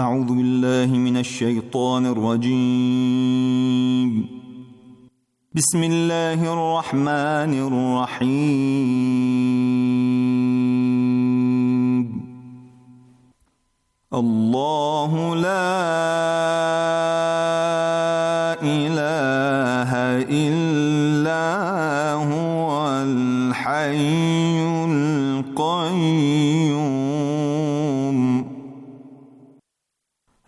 أعوذ بالله من الشيطان الرجيم بسم الله الرحمن الرحيم الله لا إله إلا هو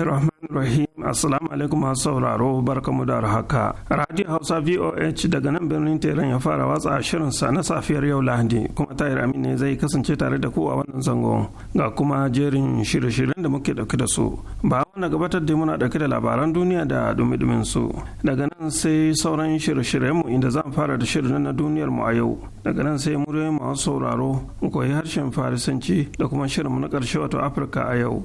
Bismillahirrahmanirrahim. Assalamu alaikum masu sauraro barkamu da haka. Radio Hausa VOH daga nan birnin Teran ya fara watsa shirin sa na safiyar yau Lahadi kuma tayar Amin ne zai kasance tare da ku a wannan zango ga kuma jerin shirye-shiryen da muke dauke da su. Ba na gabatar da muna dauke da labaran duniya da dumi-dumin su. Daga nan sai sauran shirye-shiryen mu inda zan fara da shirin na duniyar mu a yau. Daga nan sai muryoyin masu sauraro mu koyi harshen Farisanci da kuma shirin mu na karshe wato Afirka a yau.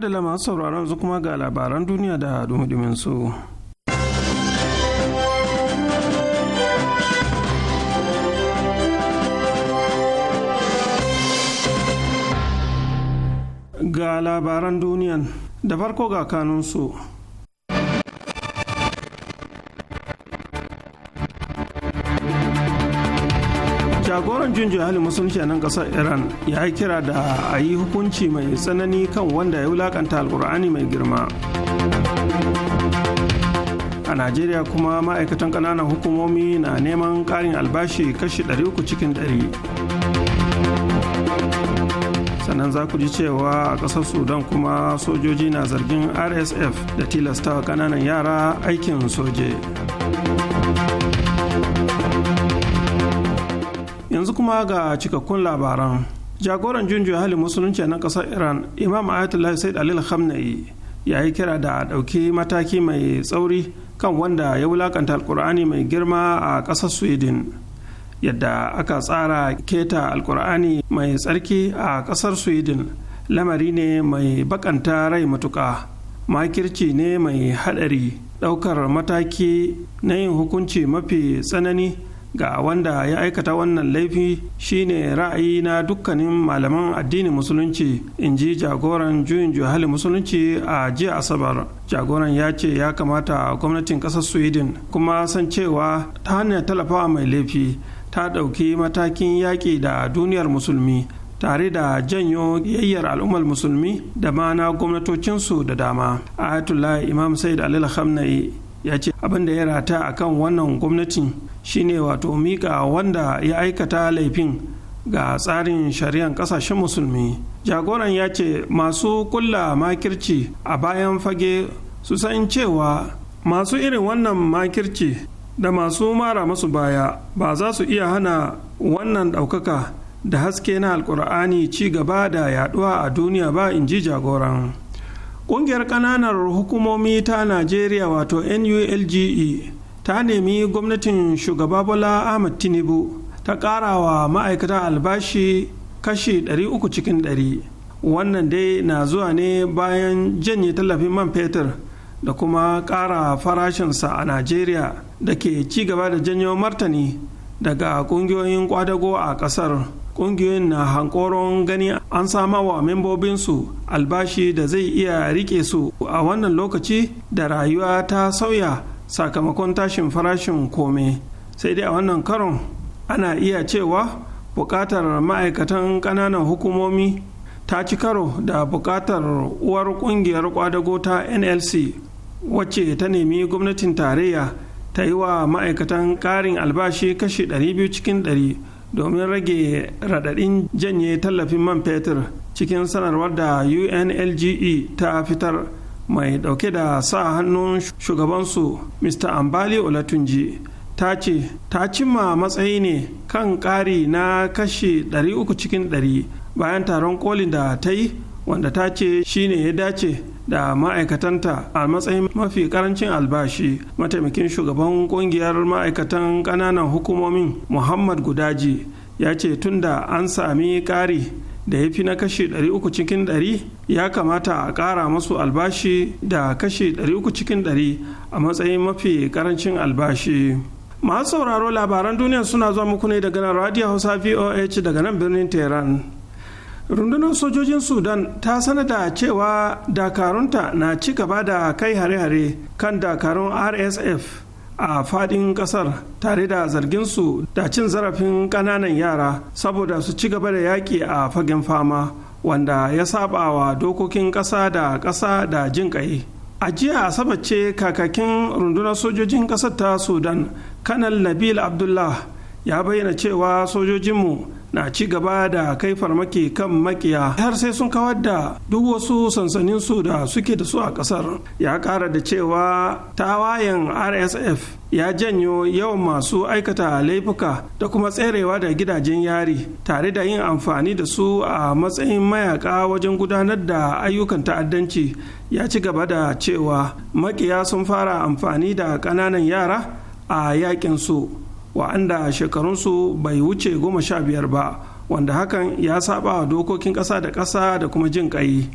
adala masu sauraron su kuma ga labaran duniya da dumudumin su. Ga labaran duniyan da farko ga kanunsu. jagoran junjin hali musulunci a nan kasar iran ya yi kira da a yi hukunci mai tsanani kan wanda ya wulakanta alkur'ani mai girma a najeriya kuma ma'aikatan ƙananan hukumomi na neman ƙarin albashi kashi uku cikin ɗari. sannan za ku ji cewa a ƙasar sudan kuma sojoji na zargin rsf da tilastawa ƙananan yara aikin soje. yanzu kuma ga cikakkun labaran jagoran junjin halin musulunci na ƙasar iran imam ayatollah said alil hamna'i ya yi kira da a ɗauki mataki mai tsauri kan wanda ya wulakanta alkur'ani mai girma a ƙasar sweden yadda aka tsara keta alkur'ani mai tsarki a ƙasar sweden lamari ne mai bakanta rai matuka makirci ne mai haɗari ɗaukar mataki na yin hukunci mafi tsanani ga wanda ya aikata wannan laifi shine ra'ayi na dukkanin malaman addinin musulunci in ji jagoran juyin juhali musulunci a jiya asabar jagoran ya ce ya kamata gwamnatin kasar sweden kuma san cewa ta hanyar talafawa mai laifi ta ɗauki matakin yaƙi da duniyar musulmi tare da janyo yayyar al'ummar musulmi da ma na gwamnatocinsu da dama ayatollah imam said alil khamnai ya ce abin da ya rata a kan wannan gwamnatin shine wato mika wanda ya aikata laifin ga tsarin shari'an kasashen musulmi jagoran ya ce masu kulla makirci a bayan fage su san cewa masu irin wannan makirci da masu mara masu baya ba za su iya hana wannan ɗaukaka da haske na alkur'ani ci gaba da yaduwa a duniya ba in ji jagoran ƙungiyar ƙananan hukumomi ta najeriya wato nulge ta nemi gwamnatin shugaba bola ahmad tinubu ta ƙara wa ma'aikata albashi kashi 300 cikin 100 wannan dai na zuwa ne bayan janye tallafin man fetur da kuma ƙara farashinsa a najeriya da ke ci gaba da janyo martani daga ƙungiyoyin kwadago a ƙasar ƙungiyoyin na hankoron gani an sama wa membobinsu albashi da zai iya rike su a wannan lokaci da rayuwa ta sauya sakamakon tashin farashin kome sai dai a wannan karon ana iya cewa buƙatar ma'aikatan ƙananan hukumomi ta ci karo da buƙatar uwar ƙungiyar kwadago ta nlc wacce ta nemi gwamnatin tarayya ta yi wa ma'aikatan ƙarin albashi kashi 200 cikin 100 domin rage radadin janye tallafin man fetur cikin sanarwar da unlge ta fitar mai dauke da sa hannun shugabansu mr ambali olatunji ta ce ta cimma matsayi ne kan ƙari na kashe 300 cikin 100 bayan taron kolin da ta yi wanda ta ce shi ne ya dace da ma'aikatanta a matsayin mafi karancin albashi mataimakin shugaban kungiyar ma'aikatan kananan hukumomin muhammad gudaji ya ce tun da an sami kari da ya fi na kashi 300 cikin 100 ya kamata a kara masu albashi da kashi 300 cikin 100 a matsayin mafi karancin albashi. Masu sauraro labaran duniya suna zuwa muku ne daga nan Radio Hausa VOH daga nan birnin Tehran. rundunar sojojin sudan ta sanada cewa dakarunta na ci gaba da kai hare-hare kan dakarun rsf a fadin kasar tare da zarginsu da cin zarafin kananan yara saboda su ci gaba da yaƙi a fagen fama wanda ya saba wa dokokin ƙasa da ƙasa da jin ƙai a jiya asabar ce kakakin rundunar sojojin ƙasar ta sudan kanal nabil abdullah ya bayyana cewa sojojinmu na ci gaba da kai farmaki kan makiya har sai sun kawar da duk wasu sansaninsu da suke da su a ƙasar ya ƙara da cewa tawayen rsf ya janyo yawan masu aikata laifuka da kuma tserewa da gidajen yari tare da yin amfani da su a matsayin mayaka wajen gudanar da ayyukan ta'addanci ya ci gaba da cewa makiya sun fara amfani da ƙananan yara a yakin su wa'anda shekarunsu bai wuce goma sha biyar ba wanda hakan ya saba wa dokokin ƙasa da ƙasa da kuma jin ƙai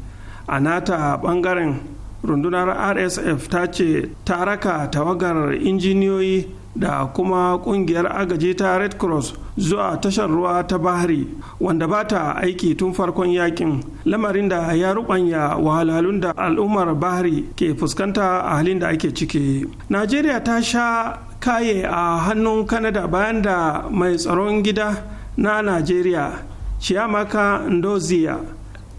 a nata ɓangaren rundunar rsf ta ce ta raka tawagar injiniyoyi da kuma ƙungiyar agaji ta red cross zuwa tashar ruwa ta bahari wanda ba ta aiki tun farkon yakin lamarin da ya rubanya wahalhalun da al'ummar bahari ke fuskanta a halin da ake ciki najeriya ta sha kaye a hannun kanada bayan da mai tsaron gida na najeriya chiamaka ndozia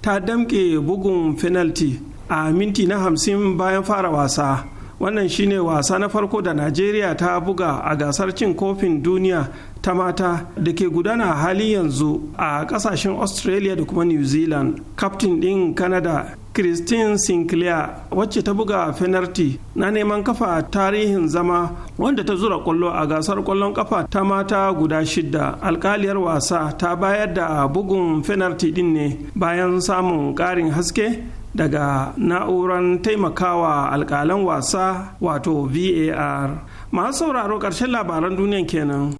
ta damke bugun fenalti a minti na hamsin bayan fara wasa wannan shine wasa na farko da najeriya ta buga a gasar cin kofin duniya ta mata da ke gudana hali yanzu a kasashen australia da kuma new zealand captain din canada christine sinclair wacce ta buga fenarti na neman kafa tarihin zama wanda ta zura kwallo a gasar kwallon kafa ta mata guda shidda alkaliyar wasa ta bayar da bugun fenarti din ne bayan samun karin haske daga na'uran taimakawa alkalan wasa wato var masu sauraro ƙarshen labaran duniyan kenan.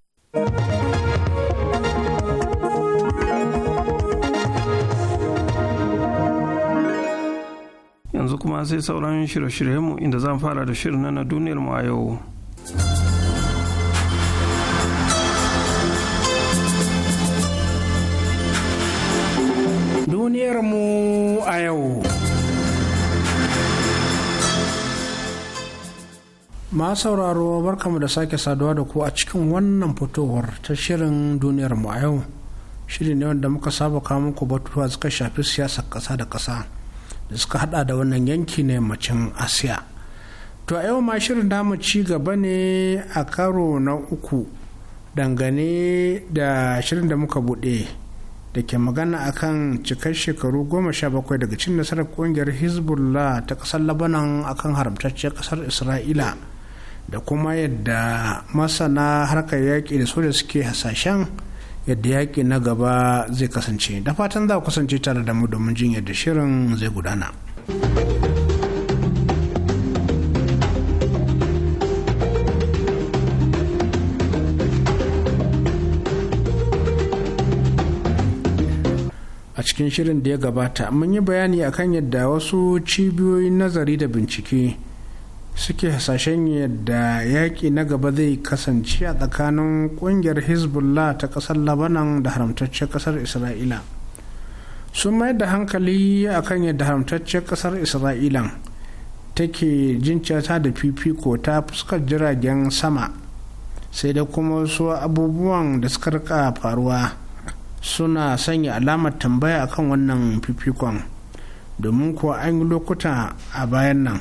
kuma sai sauran shirye-shiryenmu inda zan fara da shirin na duniyar mu a yau. Duniyar mu a yau. Ma sauraro barkamu da sake saduwa da ku a cikin wannan fitowar ta shirin duniyar mu a yau. Shirin ne wanda muka saba kawo muku batutuwa suka shafi siyasar ƙasa da ƙasa. da suka hada da wannan yanki na yammacin asiya to a yau ma shirin damu ci gaba ne a karo na uku dangane da shirin da muka buɗe da ke magana akan cikar shekaru goma sha bakwai daga cin nasarar kungiyar hezbollah ta ƙasar labanan akan haramtacciyar ƙasar isra'ila da kuma yadda masana harkar yaƙi da soja suke hasashen yadda yaƙi na gaba zai kasance da fatan za kasance tare da mu domin jin yadda shirin zai gudana a cikin shirin da ya gabata mun yi bayani akan yadda wasu cibiyoyin nazari da bincike suke hasashen yadda yaƙi na gaba zai kasance a tsakanin ƙungiyar hezbollah ta ƙasar labanan da haramtaccen ƙasar isra'ila sun mayar da hankali a kan yadda haramtaccen ƙasar isra'ila take jincata da fifiko ta fuskar jiragen sama sai da kuma wasu abubuwan da suka rika faruwa suna sanya alamar tambaya akan wannan fifikon domin kuwa an yi lokuta a bayan nan.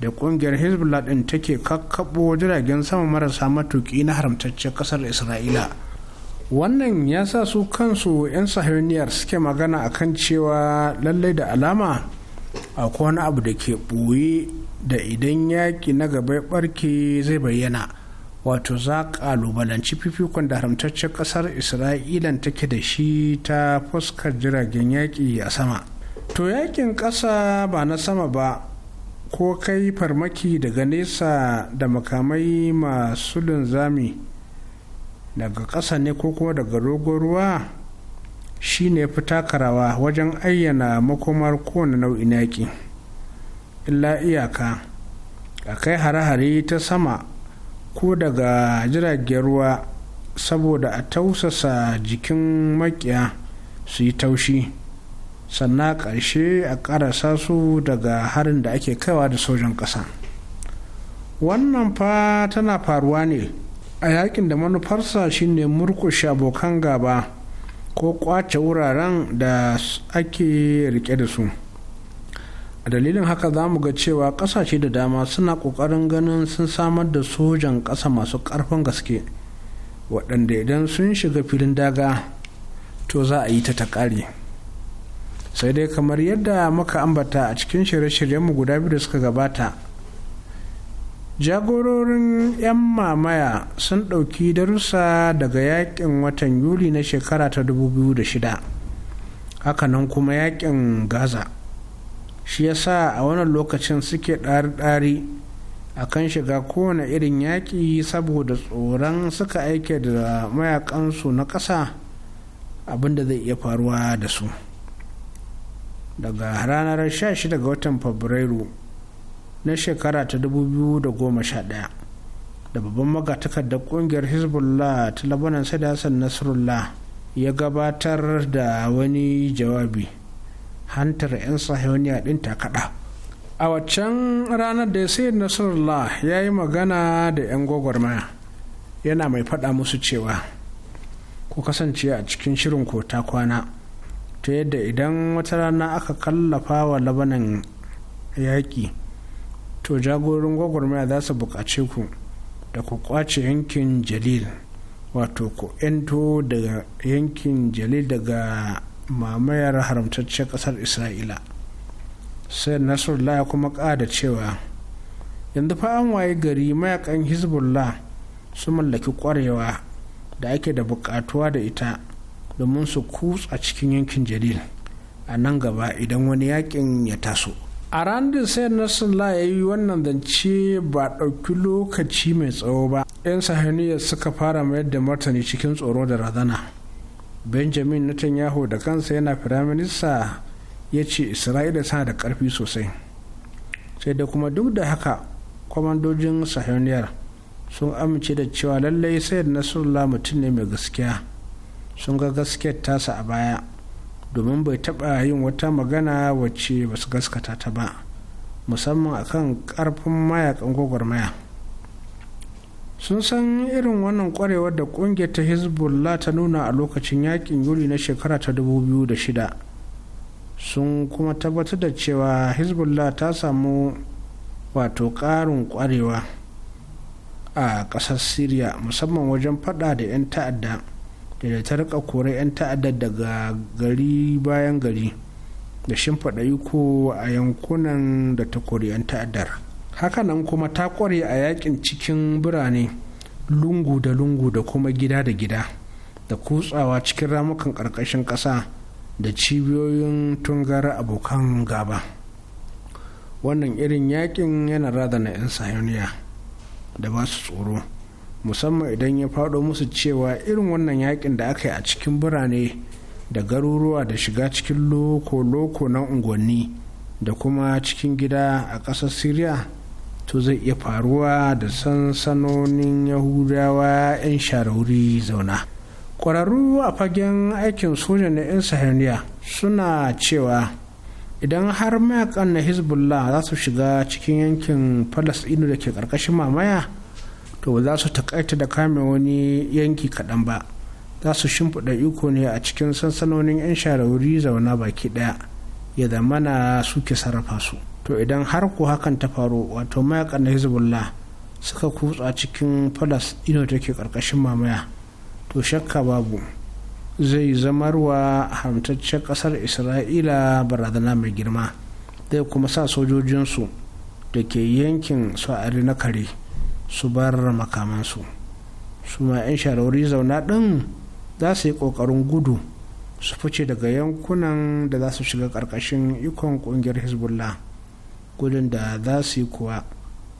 da kungiyar hezbollah din take kakkabo jiragen sama marasa matuki na haramtaccen kasar isra'ila wannan ya sa su kansu 'yan sahiriniyar suke magana a kan cewa lallai da alama akwai wani abu da ke ɓoye da idan yaƙi na gaba ɓarke zai bayyana wato za ƙalubalanci fifikon da haramtaccen ƙasar isra'ila take da shi ta fuskar jiragen yaƙi a sama to yaƙin ƙasa ba na sama ba ko kai farmaki daga nesa da makamai masu linzami daga ƙasa ne ko kuma daga rogon ruwa shi ne fi takarawa wajen ayyana makomar kowane nau'in yaƙi illa iyaka a kai hare-hare ta sama ko daga jiragen ruwa saboda a tausasa jikin makiya su yi taushi sannan ƙarshe a ƙarasa su daga harin da ake kaiwa da sojan ƙasa wannan fa tana faruwa ne a yakin da manufarsa shine murkushe abokan gaba ko kwace wuraren da ake rike da su a dalilin haka za mu ga cewa ƙasashe da dama suna ƙoƙarin ganin sun samar da sojan ƙasa masu ƙarfin gaske waɗanda idan sun shiga filin daga to za a yi ta ta ƙare. sai dai kamar yadda muka ambata a cikin shirye-shiryenmu guda biyu da suka gabata jagororin 'yan mamaya sun ɗauki darussa daga yakin watan yuli na shekara ta 2006 hakanan kuma yakin gaza shi ya sa a wannan lokacin suke ɗari-ɗari a kan shiga kowane irin yaƙi saboda tsoron suka aike da mayakansu na ƙasa abinda zai iya faruwa da su. daga ranar 16 ga watan fabrairu na shekara ta 2011 da babban magatakardar kungiyar hezbollah ta labanan sai da hassan nasrullah ya gabatar da wani jawabi hantar 'yan sahiyoniya din kaɗa. a waccan ranar da ya sai nasrullah ya yi magana da 'yan gwagwarmaya yana mai faɗa musu cewa ku kasance a cikin shirin kota kwana ta yadda idan wata rana aka kallafa wa labanan yaƙi to jagorin gwagwarmaya za su buƙace ku da ku ƙwace yankin jalil wato ku ento daga yankin jalil daga mamayar haramtaccen ƙasar isra'ila sai nasarullah ya kuma ƙada cewa yanzu fa an waye gari mayakan hezbollah su mallaki ƙwarewa da ake da buƙatuwa da ita domin su kutsa cikin yankin jalil a nan gaba idan wani yakin ya taso a ranar sai nasarla ya yi wannan zance ba ɗauki lokaci mai tsawo ba 'yan sahaniyar suka fara mayar da martani cikin tsoro da razana benjamin netanyahu da kansa yana firaminista ya ce isra'ila tana da ƙarfi sosai sai da kuma duk da haka kwamandojin sahaniyar sun amince da cewa lallai sayar nasarla mutum ne mai gaskiya sun ga gaskiyar tasa a baya domin bai taɓa yin wata magana wacce ba su gaskata ta ba musamman a kan ƙarfin mayakan gwagwarmaya sun san irin wannan kwarewar da ƙungiyar ta hezbollah ta nuna a lokacin yakin yuli na shekara ta 2006 sun kuma tabbatar da cewa hezbollah ta samu wato ƙarin kwarewa a ƙasar syria musamman wajen fada da 'yan ta'adda da eh, ta rika kore 'yan ta'adda daga gari bayan gari da shimfiɗa ko a yankunan da ta kore 'yan ta'addar hakanan kuma ta kware a yakin cikin birane lungu da lungu da kuma gida da gida da kutsawa cikin ramukan ƙarƙashin ƙasa da cibiyoyin tungar abokan gaba wannan irin yakin yana razana 'yan sahiyoniya da ba su tsoro musamman idan ya faɗo musu cewa irin wannan yakin da aka yi a cikin birane da garuruwa da shiga cikin loko-loko na unguwanni da kuma cikin gida a ƙasar syria to zai iya faruwa da sansanonin yahudawa 'yan sharauri zauna ƙwararru a fagen aikin soja na 'yan sahariya suna cewa idan har mayakan na hezbollah za su shiga cikin yankin falasɗinu da ke ƙarƙashin mamaya to ba za su takaita da kame wani yanki kaɗan ba za su shimfiɗa iko ne a cikin sansanonin 'yan shahararri zauna baki ɗaya ya zamana suke sarrafa su to idan har ko hakan ta faru wato mayaƙa na hezbollah suka kutsa cikin falas ino take ƙarƙashin mamaya to shakka babu zai zamarwa hamtaccen ƙasar isra'ila barazana mai girma zai kuma sa sojojinsu da ke yankin sa'ari na kare su bar makamansu su ma 'yan shawarwari zauna ɗin za su yi ƙoƙarin gudu su fice daga yankunan da za su shiga ƙarƙashin ikon ƙungiyar hezbollah gudun da za su yi kuwa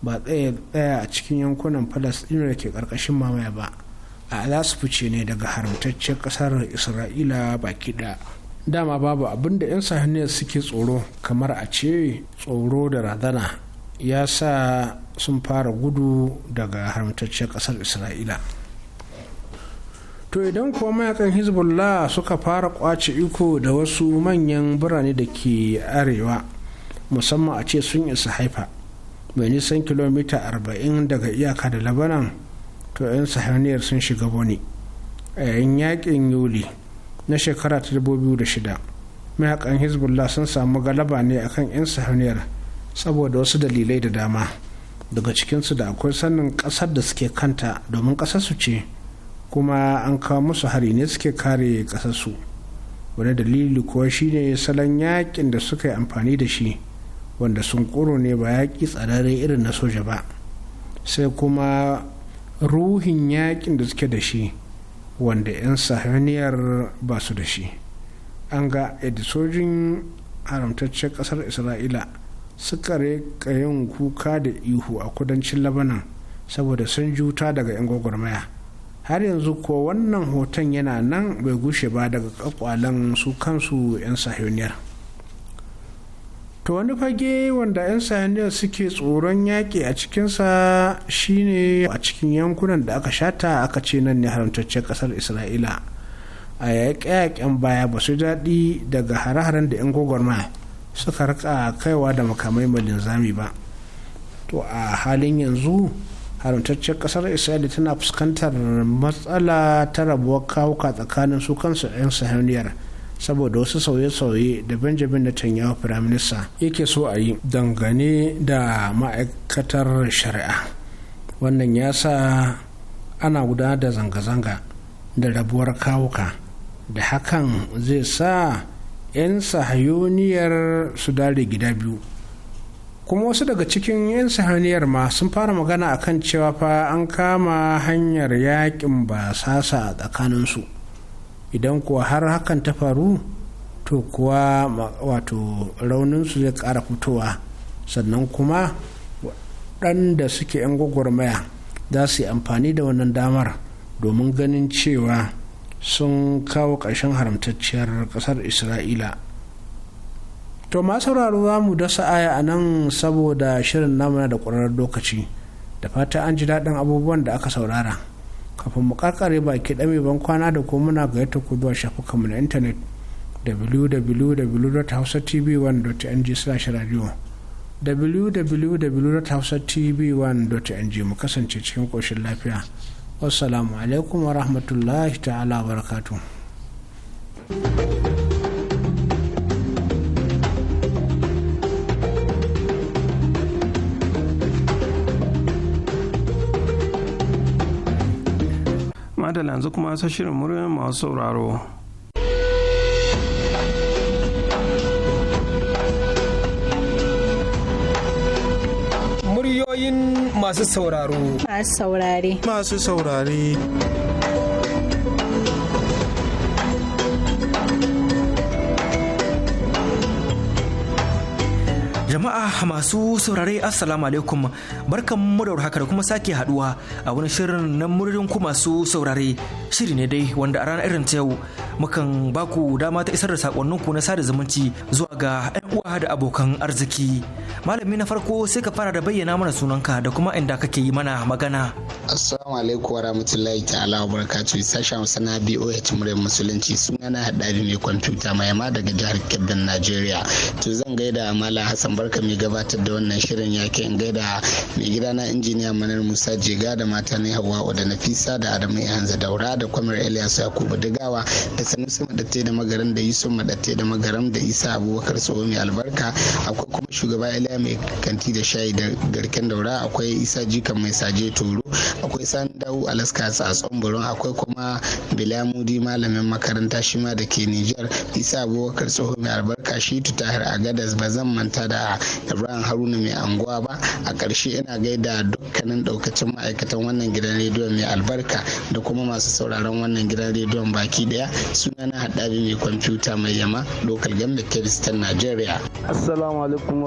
ba tsaye tsaya a cikin yankunan falasɗinu da ke ƙarƙashin mamaya ba a za su fice ne daga haramtaccen ƙasar isra'ila baki ɗaya dama babu abin da 'yan sahaniyar suke tsoro kamar a ce tsoro da razana ya sa sun fara gudu daga haramtacciyar ƙasar isra'ila to idan kuwa mayakan hezbollah suka fara kwace iko da wasu manyan birane da ke arewa musamman a ce sun isa haifa mai nisan kilomita 40 daga iyaka da labanan to 'yan sahaniyar sun shiga boni a yayin yakin yuli na shekara ta 2006 mayakan hezbollah sun samu galaba ne akan 'yan sahaniyar saboda wasu dalilai da dama daga cikinsu da akwai sannin ƙasar da suke kanta domin su ce kuma an kawo musu hari ne suke kare ƙasarsu wani dalili kuwa shine salon yakin da suka yi amfani da shi wanda sun kuro ne ba yaƙi tsararre irin na soja ba sai kuma ruhin yakin da suke da shi wanda 'yan sahaniyar ba su da shi an ga edisojin haramtaccen ƙasar isra'ila suka rika yin kuka da ihu a kudancin labanan saboda sun juta daga 'yan gwagwarmaya har yanzu ko wannan hoton yana nan bai gushe ba daga kakwalan su kansu 'yan sahiyoniyar to wani fage wanda 'yan sahiyoniyar suke tsoron yaƙi a cikinsa shine a cikin yankunan da aka shata aka ce nan ne haramtaccen kasar isra'ila a yaƙe-yaƙen baya ba su daɗi daga hare-haren da 'yan gwagwarmaya suka rika kaiwa da makamai mai linzami ba to a halin yanzu haramtaccen kasar isra'ila tana fuskantar matsala ta rabuwar kawuka tsakanin su kansu 'yan sahaniyar saboda wasu sauye-sauye da benjamin netanyahu firaminista yake so a yi dangane da ma'aikatar shari'a wannan ya sa ana gudanar da zanga-zanga da rabuwar kawuka da hakan zai sa 'yan sahayoniyar su dare gida biyu kuma wasu daga cikin 'yan sahayoniyar ma sun fara magana a kan cewa fa an kama hanyar yakin basasa a tsakaninsu idan kuwa har hakan ta faru to kuwa wato rauninsu zai ƙara fitowa sannan kuma waɗanda suke 'yan gwagwarmaya za su yi amfani da wannan damar domin ganin cewa sun kawo ƙarshen haramtacciyar ƙasar isra'ila to ma sauraro za mu dasa aya a nan saboda shirin namuna da ƙwararren lokaci da fata an ji daɗin abubuwan da aka saurara kafin mu ƙarƙare baki ɗame ban kwana da ko muna ga yadda ku zuwa shafukanmu na intanet www.hausatv1.ng/radio www.hausatv1.ng mu kasance cikin ƙoshin lafiya wasalamu alaikum wa rahmatullahi ta'ala barakatu madalla yanzu kuma sashirin murya masu sauraro masu sauraro. Masu saurare. Masu saurare. Jama'a masu saurare Assalamu alaikum barkan mu da warhaka da kuma sake haduwa a wani shirin na muririn ku masu saurare shiri ne dai wanda a ranar irin ta yau mukan baku dama ta isar da sakonninku na sada zumunci zuwa ga 'yan uwa da abokan arziki. malami na farko sai ka fara da bayyana mana sunanka da kuma inda kake yi mana magana assalamu alaikum wa rahmatullahi ta'ala wa barakatuh sashen boh muryar musulunci sunana hadari ne kwamfuta mai ma daga jihar Kebbi nigeria to zan gaida mala hassan barka mai gabatar da wannan shirin yake in gaida mai gida na injiniya manar musa jega da mata na hawa da nafisa da adamu hanza daura da kwamar elias yakubu dagawa da sanusi madatte da magaran da yusuf madatte da magaran da isa abubakar Tsohon mai albarka akwai kuma shugaba elias kaya mai kanti da shayi da garken daura akwai isa jika mai saje toro akwai sandau alaska a burin akwai kuma bilamudi malamin makaranta shi ma da ke nijar isa abubakar tsoho mai albarka shi tahir agadas ba zan manta da ibrahim haruna mai anguwa ba a ƙarshe ina gaida dukkanin ɗaukacin ma'aikatan wannan gidan rediyon mai albarka da kuma masu sauraron wannan gidan rediyon baki daya sunana haɗari mai kwamfuta mai yama lokal da kebistan nigeria assalamu alaikum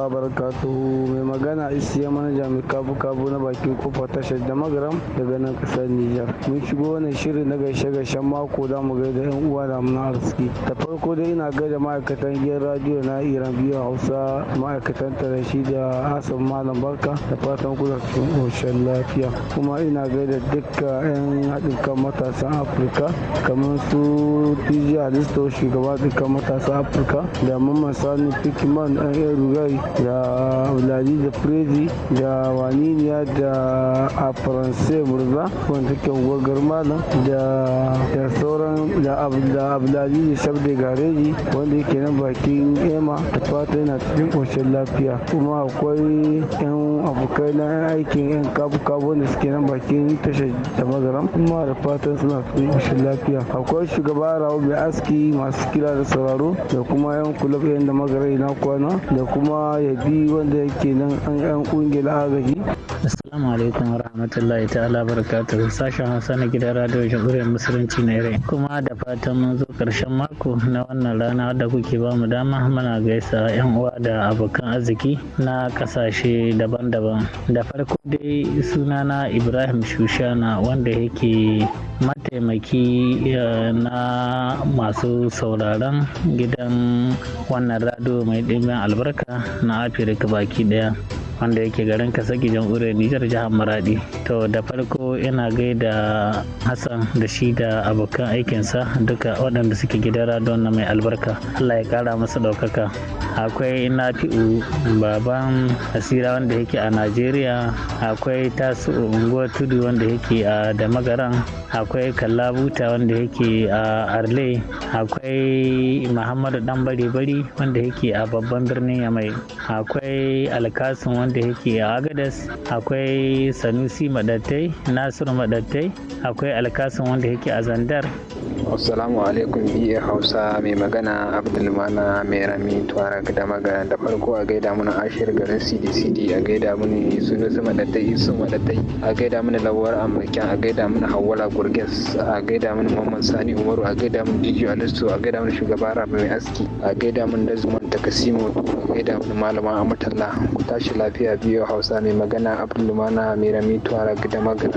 Allah barakatuhu mai magana isiya manaja mai kabu kabu na bakin kofa tashar da magaram daga nan kasar Nijar. Mun shigo wannan shirin na gaishe gaishen mako da mu gaida yan uwa da mun arziki. Da farko dai ina gaida ma'aikatan gidan radiyo na Iran biyu Hausa ma'aikatan tarashi da Hassan Malam Barka da fatan kuna cikin lafiya. Kuma ina gaida dukkan 'yan haɗin kan matasan Afirka kamar su DJ Alisto shugaba dukkan matasan Afirka da Mamman Sani Fikiman ɗan yan da abdulaziz da prezi da waniniya da a faransa murza wanda ke gwagar malam da da sauran da abdulaziz da gareji wanda yake nan bakin ema da fata yana cikin ƙoshin lafiya kuma akwai yan abokai na aikin yan kabu-kabu wanda suke nan bakin tashar da mazaran kuma da fatan suna cikin ƙoshin lafiya akwai shugaba rawu mai aski masu kira da sauraro da kuma yan kulab yan da mazarai na kwana da kuma ya bi wanda yake nan an yan kungiyar agaji Assalamu alaikum wa rahmatullahi ta'ala barakatuhu sashen Hausa na gidan radio jamhuriyar musulunci na irin kuma da fatan mun zo karshen mako na wannan rana da kuke ba mu dama muna gaisa yan uwa da abokan arziki na kasashe daban-daban da farko dai sunana Ibrahim Shushana wanda yake mataimaki na masu sauraron gidan wannan rado mai ɗimbin albarka na afirka baki daya wanda yake garin kasaki jamhuriyar nijar jihar maradi to da farko ina gaida hassan da shi da abokan aikinsa duka waɗanda suke gidan radon na mai albarka allah ya kara masa ɗaukaka akwai nafi'u baban asira wanda yake a najeriya akwai tasu unguwar tudu wanda yake a damagaran akwai kallabuta wanda yake a arle akwai muhammadu dan bari bari wanda yake a babban birnin yamai akwai alkasin wanda yake a agadas akwai sanusi madattai nasiru madattai akwai alkasin wanda yake a zandar Assalamu alaikum biye Hausa mai magana Abdulmana mai rami Tuareg da maga da farko a gaida mana ashir garin CDCD a gaida mini sun su madattai su madattai a gaida mini lawar amurka a gaida mini hawala Gurges a gaida mini Muhammad Sani Umaru a gaida mini Diji Alisu a gaida mini shugaba Rabi mai aski a gaida mini Dazman Takasimu a gaida mini malama Amatalla ku tashi lafiya biyo Hausa mai magana Abdulmana mai rami Tuareg da maga.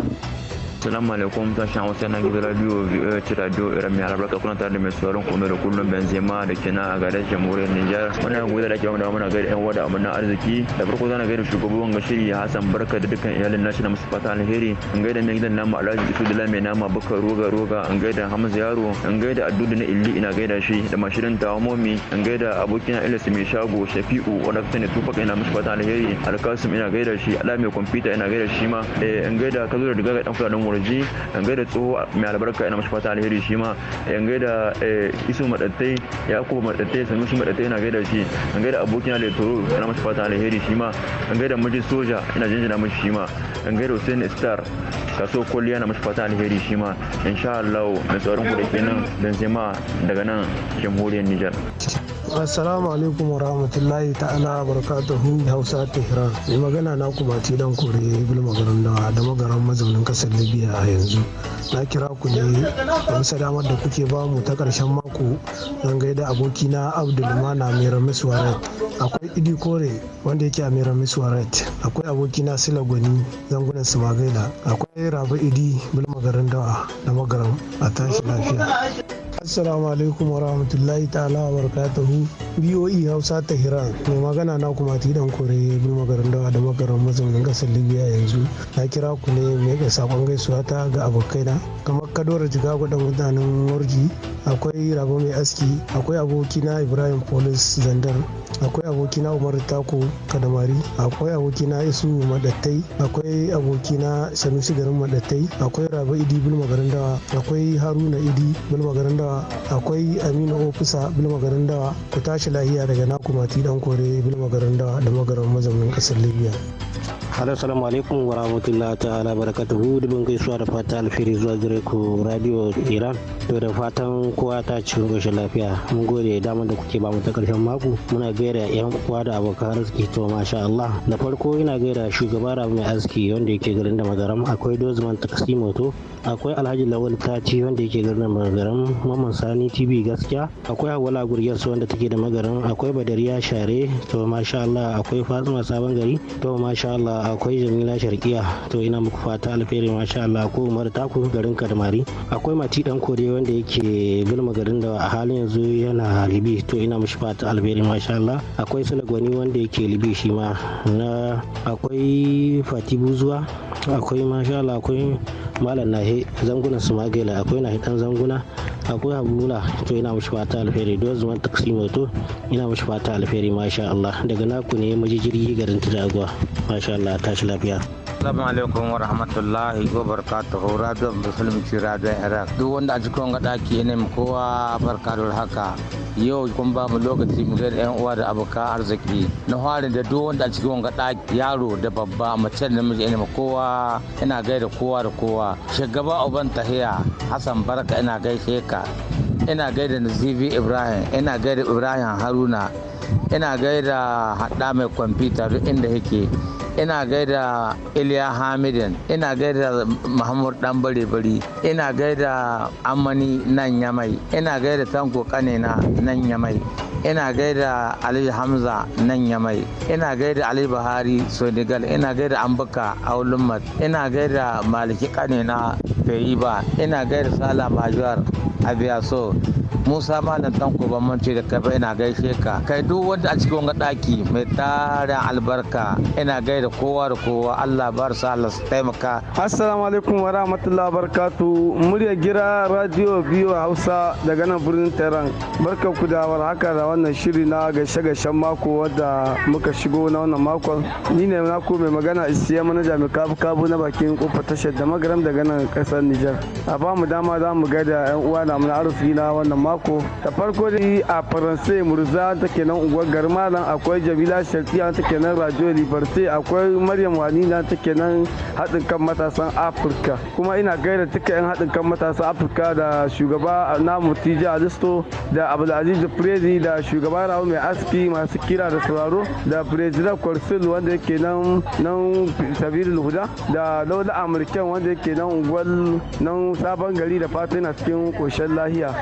Assalamu alaikum sashen Hausa na a radio VOH radio Iran mai albarka kuna tare da mai sauran kuma da kullum Benzema da kina a gadar jamhuriyar Nijar. Muna gobe da ake wanda muna gaida yan wada amana arziki. Da farko zan gaida shugaban ga shiri Hassan Barka da dukkan iyalin nashi na musu fata alheri. An gaida mai gidan Nama Alhaji Isu Dala mai nama Baka, Roga Roga, an gaida Hamza Yaro, an gaida Addudu na Illi ina gaida shi da mashirin Tawamomi, an gaida abokina Ilyas mai shago Shafi'u wanda fita ne tufaka ina musu fata alheri. Alkasim ina gaida shi, Ala mai kwamfuta ina gaida shi ma. An eh, gaida Kazo da Diga ga dan murji in gaida tsoho mai albarka ina mashi fata alheri shi ma in gaida eh, isu madattai ya kuma madattai sanu shi madattai ina gaida shi in gaida abokina da toro ina mashi fata alheri shi ma in gaida miji soja ina jinjina mashi shi ma in gaida hussein star kaso kwalliya na mashi fata alheri shi ma insha Allah mai tsaron ku da kenan dan sai ma daga nan jamhuriyar Nijar. Assalamu alaikum wa rahmatullahi ta'ala barakatuhu Hausa Tehran. Mai magana na kuma ce dan kore Ibn garin da da magaran mazaunin kasar Libya. yi a yanzu na kira ku ne da bisa damar da kuke bamu ta karshen mako don gaida abokina abdulmana mai ramis waret akwai idi kore wanda yake a mai ramis akwai abokina sila gwani zangunan simagaila akwai rabu idi bulmagarin dawa da magaram a tashi lafiya Assalamu alaikum wa rahmatullahi ta'ala wa barakatuhu. BOE Hausa ta Hiran. Mai magana na kuma tidan kore bin magarin dawa da magarin mazaunin kasar Libya yanzu. Na kira ku ne mai ga sakon gaisuwa ta ga abokaina. Kamar Kadora jiga gudan mutanen Warji, akwai Rabo Mai Aski, akwai abokina Ibrahim Polis Zandar, akwai abokina Umar Tako Kadamari, akwai abokina Isu Madattai, akwai abokina Sanusi Garin Madattai, akwai Rabi Idi Bulmagarin Dawa, akwai Haruna Idi Bulmagarin Dawa, dawa akwai aminu ofisa bilma dawa ku tashi lahiya daga naku mati dan kore bilma dawa da magarin mazaunin kasar libya hada salamu alaikum wa rahmatullahi ta'ala barakatuhu kai gaisuwa da fata alfiri zuwa gare ku radio Iran to da fatan kowa ta ci goshin lafiya mun gode damar da kuke bamu ta karshen mako muna gaira yan uwa da abokan arziki to masha Allah da farko ina gaira shugaba rabu mai arziki wanda yake garin da madaram akwai Dozman Takasimoto akwai alhaji lawal kaci wanda yake garin magaran mamman sani tv gaskiya akwai hawala su wanda take da magaran akwai badariya share to masha allah akwai fatima sabon gari to masha allah akwai jamila sharkiya to ina muku fata alferi masha allah ko umar taku garin kadamari akwai mati dan kore wanda yake gulma garin da a halin yanzu yana libi to ina mushi fata alferi masha allah akwai sulagwani wanda yake libi shi ma na akwai fatibu zuwa akwai masha allah akwai malam nahi zangunan su magela akwai na dan zanguna akwai habula to ina mashi fata alheri don zuwan taksima to ina mashi fata alheri masha Allah daga naku ne majijirgi garin Tudagwa masha Allah tashi lafiya Assalamu alaikum wa rahmatullahi wa barakatuhu Radio Musulunci Radio Iraq duk wanda a cikin gada ke ne mu kowa barka da haka yau kun ba mu lokaci mu ga yan uwa da abuka arziki na fara da duk wanda a cikin gada yaro da babba mace da namiji ne mu kowa ina gaida kowa da kowa shugaba uban tahiya hasan Barka ina gaishe ka haka ina gaida nazifi ibrahim ina gaida ibrahim haruna ina gaida hada mai kwamfuta duk inda yake ina gaida iliya hamidin ina gaida mahmud dan bare-bari ina gaida amani nan yamai ina gaida tanko kanena nan yamai ina gaida ali hamza nan yamai ina gaida ali buhari sonigal ina gaida ambuka aulummat ina gaida maliki kanena feiba ina gaida sala majuwar abiyaso musa malam tanko ban mance da kafa ina gaishe ka kai duk wanda a cikin wani daki mai tara albarka ina gaida da kowa da kowa Allah bar su Allah su taimaka assalamu alaikum wa rahmatullahi barakatu murya gira radio biyu hausa daga nan birnin tehran barka ku da haka da wannan shiri na gashe gashen mako wadda muka shigo na wannan makon ni ne na mai magana isiya manaja mai kabu kabu na bakin kofa tashar da magaram daga nan kasar nijar a ba mu dama za mu gaida yan uwa na na arziki na wannan mako da farko dai a faransai murza take nan unguwar garmalan akwai jamila shafiya take nan radio liberté akwai akwai maryam wani na take nan haɗin kan matasan afirka kuma ina gaida tuka 'yan haɗin kan matasan afirka da shugaba namu tija alisto da abdulaziz prezi da shugaba rahu mai aski masu kira da sauraro da president kwarsil wanda yake nan nan sabirul da laula amurken wanda yake nan unguwar nan sabon gari da fatina cikin koshin lahiya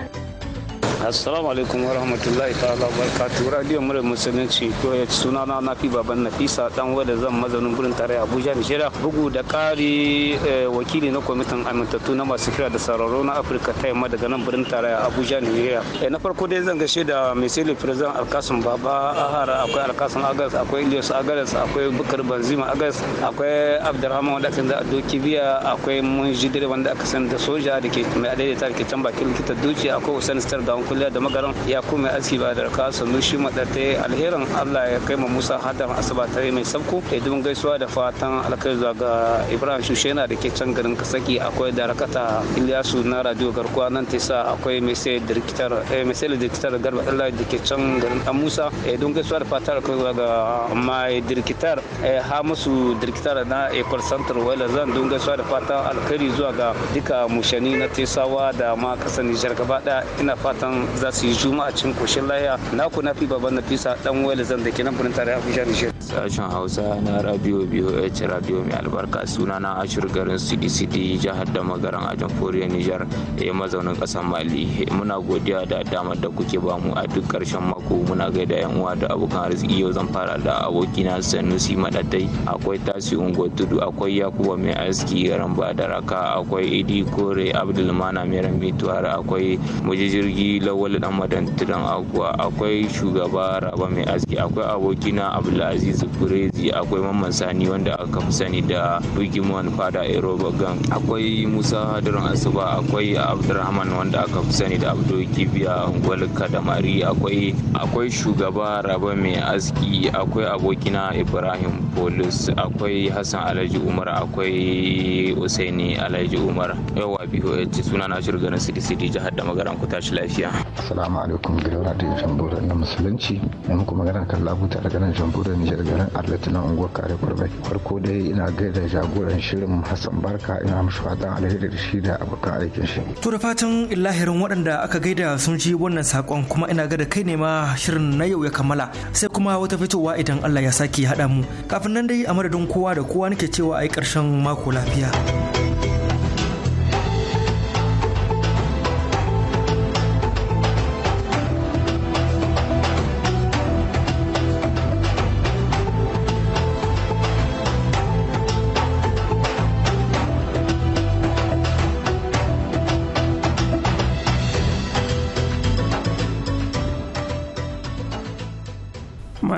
assalamu alaikum warahmatullahi ta'ala wa barakatuh radio murai musulunci ko ya sunana na fi baban nafisa dan wanda zan mazanin gurin tare abuja nigeria bugu da kari eh, wakili na kwamitin amintattu na masu kira da sararo na afirka ta yamma daga nan birnin tare abuja nigeria eh, na farko dai zan gashe da misali president alkasun baba ahara akwai alkasun agas akwai ilyas agas akwai bukar banzima agas akwai abdurrahman wanda aka da doki biya akwai munji dire wanda aka san da soja da ke mai adaidaita da ke can bakin likita duci akwai usain star da kulliya da magaran ya kuma aski ba da raka sannu shi madatai alherin Allah ya kai ma Musa hadar asaba tare mai sabko da dubin gaisuwa da fatan alkai zuwa ga Ibrahim Shushena da ke can garin Kasaki akwai da rakata Ilyasu na radio garkuwa nan ta sa akwai mai sai direktar eh, mai sai direktar Garba Allah da ke can garin Dan Musa da dubin gaisuwa da fatan alkai zuwa ga mai direktar eh, musu direktar na ecol Center Wala zan dubin gaisuwa da fatan alkhairi zuwa ga duka mushani na Tesawa da ma kasar Nijar gaba ina fatan za su yi juma'a cikin koshin lahiya naku na fi baban nafisa dan wayar zan da ke nan birnin tare abuja nijar sashen hausa na radio boh radio mai albarka suna na ashir garin cdcd jihar da magaran a jamhuriyar nijar a eh, yi mazaunin kasar mali muna godiya da damar da kuke bamu a duk karshen mako muna gaida yan uwa da abokan arziki yau zan fara da abokina sanusi madatai akwai tasi ungo tudu akwai yakuba mai aski garin badaraka akwai idi kore abdulmana mai ramituwar akwai mujijirgi lawal dan madan tiran aguwa akwai shugaba raba mai aski akwai abokina abdulaziz kurezi akwai mamman sani wanda aka fi sani da bigimon fada aeroba gang akwai musa hadirin asuba akwai abdurrahman wanda aka fi sani da abdo kibiya gwal kadamari akwai akwai shugaba raba mai aski akwai abokina ibrahim polis akwai hassan alhaji umar akwai usaini alhaji umar yawa boh suna na shirga na Sidi, jihar da magaran ku tashi lafiya Assalamu alaikum gidan radiyon Jamhuriyar na Musulunci. Yan muku magana kan labuta daga nan Jamhuriyar Nijar garin Arlati na unguwar Kare Kwarbai. Farko dai ina da jagoran shirin Hassan Barka ina mishi fatan alheri da shi da abokan aikin shi. To da fatan lahirin waɗanda aka gaida sun ji wannan saƙon kuma ina ga da kai ne ma shirin na yau ya kammala sai kuma wata fitowa idan Allah ya sake haɗa mu. Kafin nan dai a madadin kowa da kowa nake cewa a yi ƙarshen mako lafiya.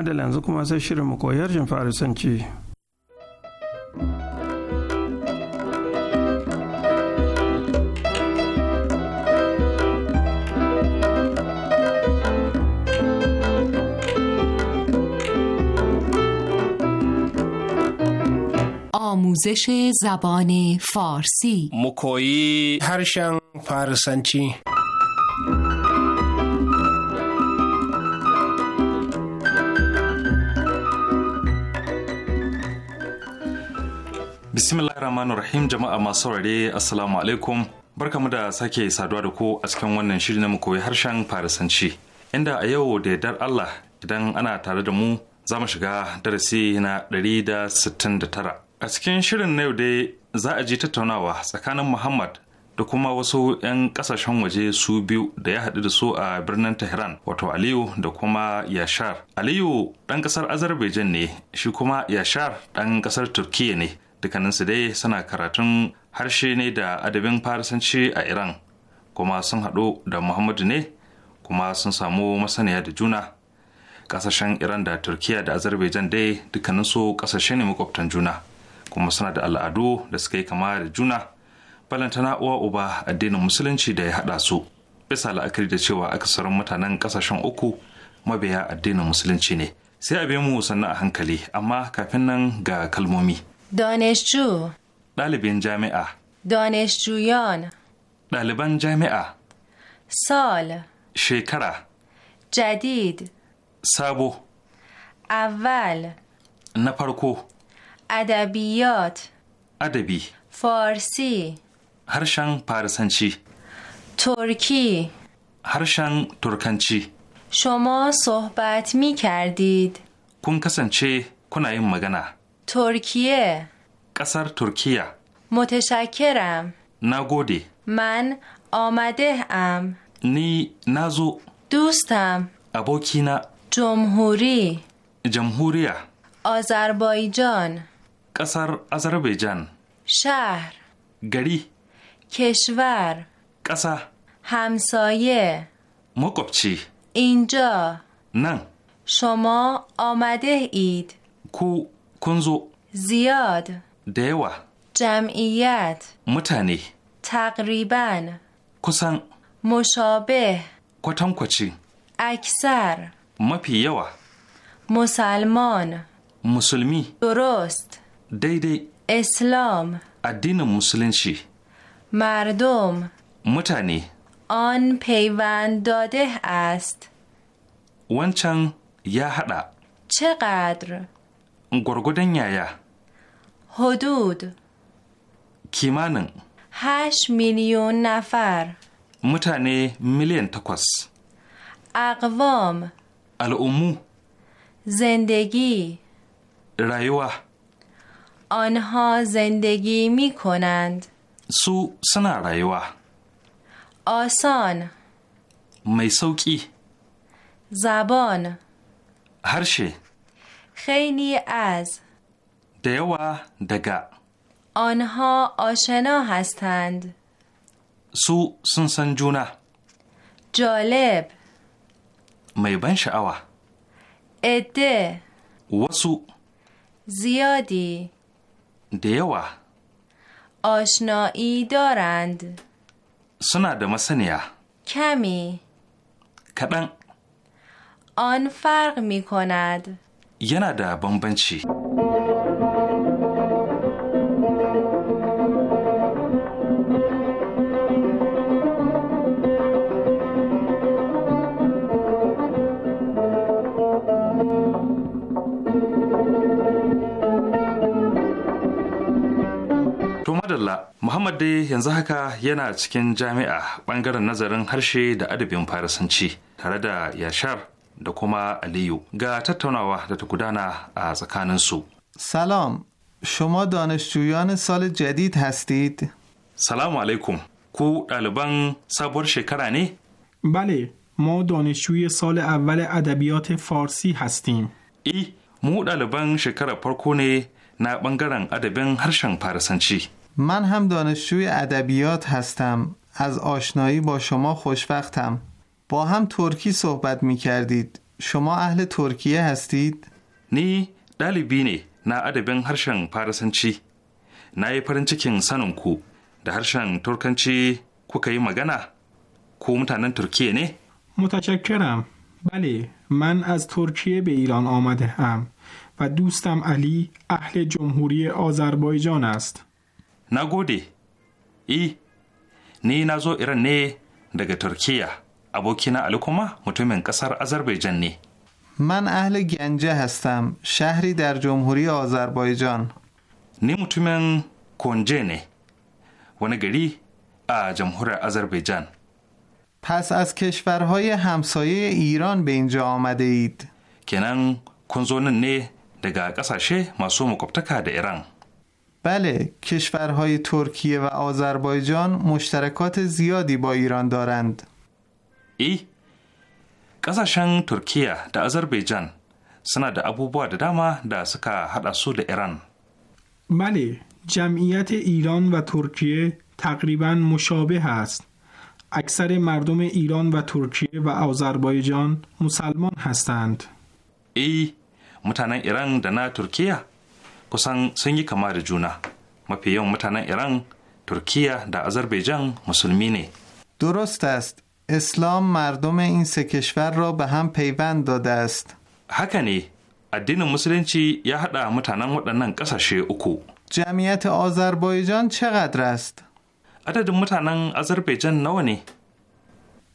madalla yanzu kuma sai shirin mu koyar jin farisanci آموزش زبان فارسی مکویی هرشن فارسنچی Bismillahirrahmanirrahim jama'a masu saurare assalamu alaikum barkamu da sake saduwa da ku a cikin wannan shiri na mu koyi harshen farisanci inda a yau da yardar Allah idan ana tare da mu za mu shiga darasi na 169 a cikin shirin na yau dai za a ji tattaunawa tsakanin Muhammad da kuma wasu 'yan kasashen waje su biyu da ya haɗu da su a birnin tehran wato aliyu da kuma yashar aliyu ɗan ƙasar azerbaijan ne shi kuma yashar ɗan ƙasar Turkiyya ne dukkaninsu dai suna karatun harshe ne da adabin farisanci a iran kuma sun haɗu da muhammadu ne kuma sun samu masaniya da juna ƙasashen iran da turkiyya da azerbaijan dai dukkaninsu ƙasashe ne makwabtan juna kuma suna da al'adu da suka yi kama da juna balantana uwa uba addinin musulunci da ya haɗa su bisa la'akari da cewa akasarin mutanen ƙasashen uku mabiya addinin musulunci ne sai a mu sannan a hankali amma kafin nan ga kalmomi دانشجو بله بین جمعه دانشجویان بله بین جمعه؟ سال شکره جدید سابو. اول نپرکو ادبیات ادبی فارسی هرشان پارسنچی ترکی هرشان ترکنچی شما صحبت می کردید کن چه کنایم مگنه ترکیه قصر ترکیه متشکرم نگودی من آمده ام نی نزو دوستم ابوکینا جمهوری جمهوریه آذربایجان قصر آذربایجان شهر گری کشور قصر همسایه مقبچی اینجا نه شما آمده اید کو کنزو زیاد دیوا جمعیت متنی تقریبا کسان مشابه کتان کچی اکثر مپیوا مسلمان مسلمی درست دیدی اسلام الدین مسلمشی مردم متنی آن پیوند داده است ونچن یا حدا چقدر gwargwadon yaya? Hudud. Kimanin. Hash miliyon nafar. Mutane miliyan takwas. Agvom. Al’ummu. Zendegi. Rayuwa. Onha zendegi mikonand. Su suna rayuwa. Oson. Mai sauƙi. Zabon. Harshe. خیلی از دیوا دگا آنها آشنا هستند سو سنسنجونه جالب میبن شعوه اده وسو زیادی دیوا آشنایی دارند سنا دمسنیا کمی کدن آن فرق می کند yana da bambanci. Muhammad dai yanzu haka yana cikin jami'a bangaren nazarin harshe da adabin farisanci tare da Yashar da kuma Aliyu ga tattaunawa د ta gudana a tsakaninsu. سلام شما دانشجویان سال جدید هستید؟ سلام علیکم کو طالبان صبر شکر نه؟ بله ما دانشجوی سال اول ادبیات فارسی هستیم ای مو طالبان شکر فرقو نه نه بنگرن ادبین هرشن فارسنچی من هم دانشجوی ادبیات هستم از آشنایی با شما خوشبختم با هم ترکی صحبت می کردید شما اهل ترکیه هستید؟ نی دلی بینی نا ادبین هرشن پارسنچی na yi farin cikin saninku da harshen turkanci kuka yi magana ko mutanen turkiya ne? متشکرم بله من از ترکیه به ایران آمده هم و دوستم علی اهل جمهوری آذربایجان است نگودی ای نی نزو ایران نه دگه ترکیه abokina Ali kuma mutumin ƙasar Azerbaijan من اهل گنجه هستم شهری در جمهوری آذربایجان نی مطمئن کنجه نه جمهور آذربایجان پس از کشورهای همسایه ایران به اینجا آمده اید کنن کنزون نه دگا قساشه ماسو مکبتکا ده ایران بله کشورهای ترکیه و آذربایجان مشترکات زیادی با ایران دارند ای e, ƙasashen ترکیه da azerbaijan suna da abubuwa da dama da suka haɗa su da iran بله جمعیت ایران و ترکیه تقریبا مشابه است اکثر مردم ایران و ترکیه و آذربایجان مسلمان هستند ای متنان ایران دنا ترکیه کسان سنگی کمار جونا مپیون متنان ایران ترکیه در آذربایجان مسلمینه درست است اسلام مردم این سه کشور را به هم پیوند داده است. هکنی ادین مسلمچی یا حدا متانن ودنن قساشه اکو جمعیت آذربایجان چقدر است؟ عدد متانن آذربایجان نوانی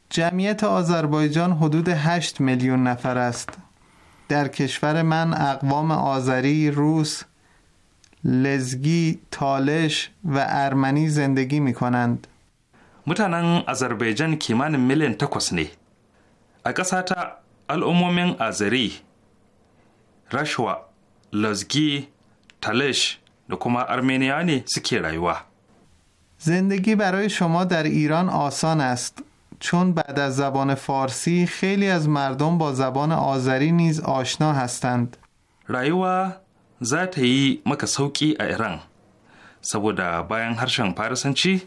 جمعیت آذربایجان حدود 8 میلیون نفر است. در کشور من اقوام آذری، روس، لزگی، تالش و ارمنی زندگی می کنند. mutanen azerbaijan kimanin miliyan takwas ne a ƙasa ta al'ummomin azeri rashwa لازگی، تلش و کما ارمنیانی سکی رایوا زندگی برای شما در ایران آسان است چون بعد از زبان فارسی خیلی از مردم با زبان آذری نیز آشنا هستند رایوا ذات هی مکا سوکی ایران سبودا باین هرشن پارسنچی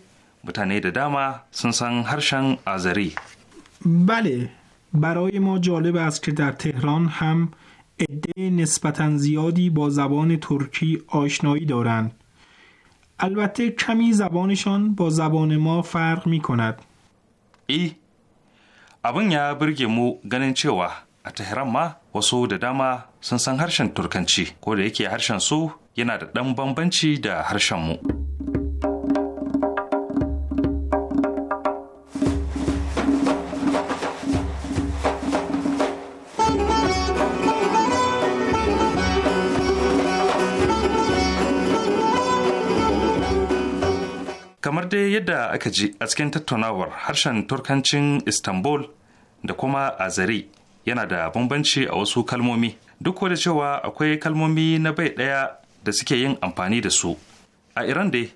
mutane da dama sun san harshen azari. Bale, برای ما جالب است که در تهران هم عده نسبتا زیادی با زبان ترکی آشنایی دارند البته کمی زبانشان با زبان ما فرق می کند ای abin ya birge mu ganin cewa a Tehran ma wasu da dama sun san harshen Turkanci, ko da yake harshen su yana da ɗan bambanci da harshen mu. kamar dai yadda aka ji a cikin tattaunawar harshen turkancin istanbul da kuma Azari yana da bambanci a wasu kalmomi duk da cewa akwai kalmomi na bai ɗaya da suke yin amfani da su a iran dai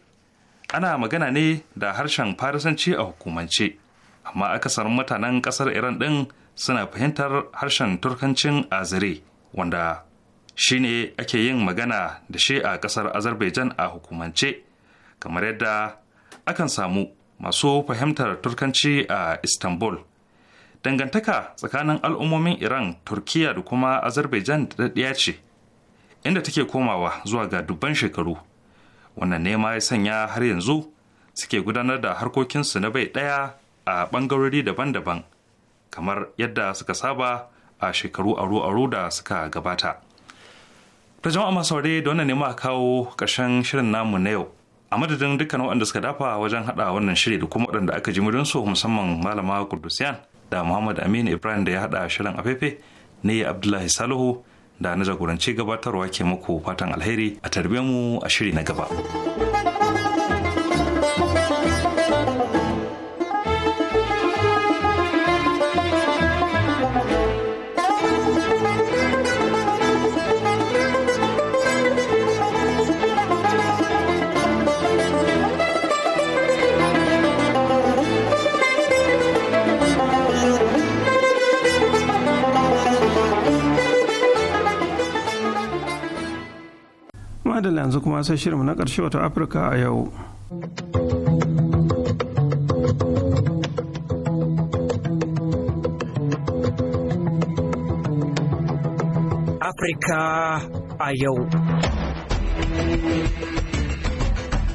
ana magana ne da harshen farisanci a hukumance amma akasarin mutanen ƙasar iran ɗin suna fahimtar harshen turkancin azare wanda shine ake yin magana da shi a ƙasar azerbaijan a hukumance kamar yadda akan samu masu fahimtar turkanci a istanbul dangantaka tsakanin al'ummomin iran turkiya da kuma azerbaijan daɗaɗɗiya ce inda take komawa zuwa ga dubban shekaru wannan nema ya sanya har yanzu suke gudanar da harkokinsu na bai ɗaya a ɓangarori daban-daban kamar yadda suka saba a shekaru aro-aro da suka gabata. Ta jama'a masu da wannan ne ma kawo ƙarshen shirin namu na yau a madadin dukkan waɗanda suka dafa wajen haɗa wannan shiri da kuma waɗanda aka ji su musamman malama kudusiyan da muhammad aminu ibrahim da ya haɗa shirin afefe ne abdullahi salihu da na jagoranci gabatarwa ke muku fatan alheri a tarbe mu a shiri na gaba. madalla yanzu kuma sai shirinmu na ƙarshe wato afirka a yau afirka a yau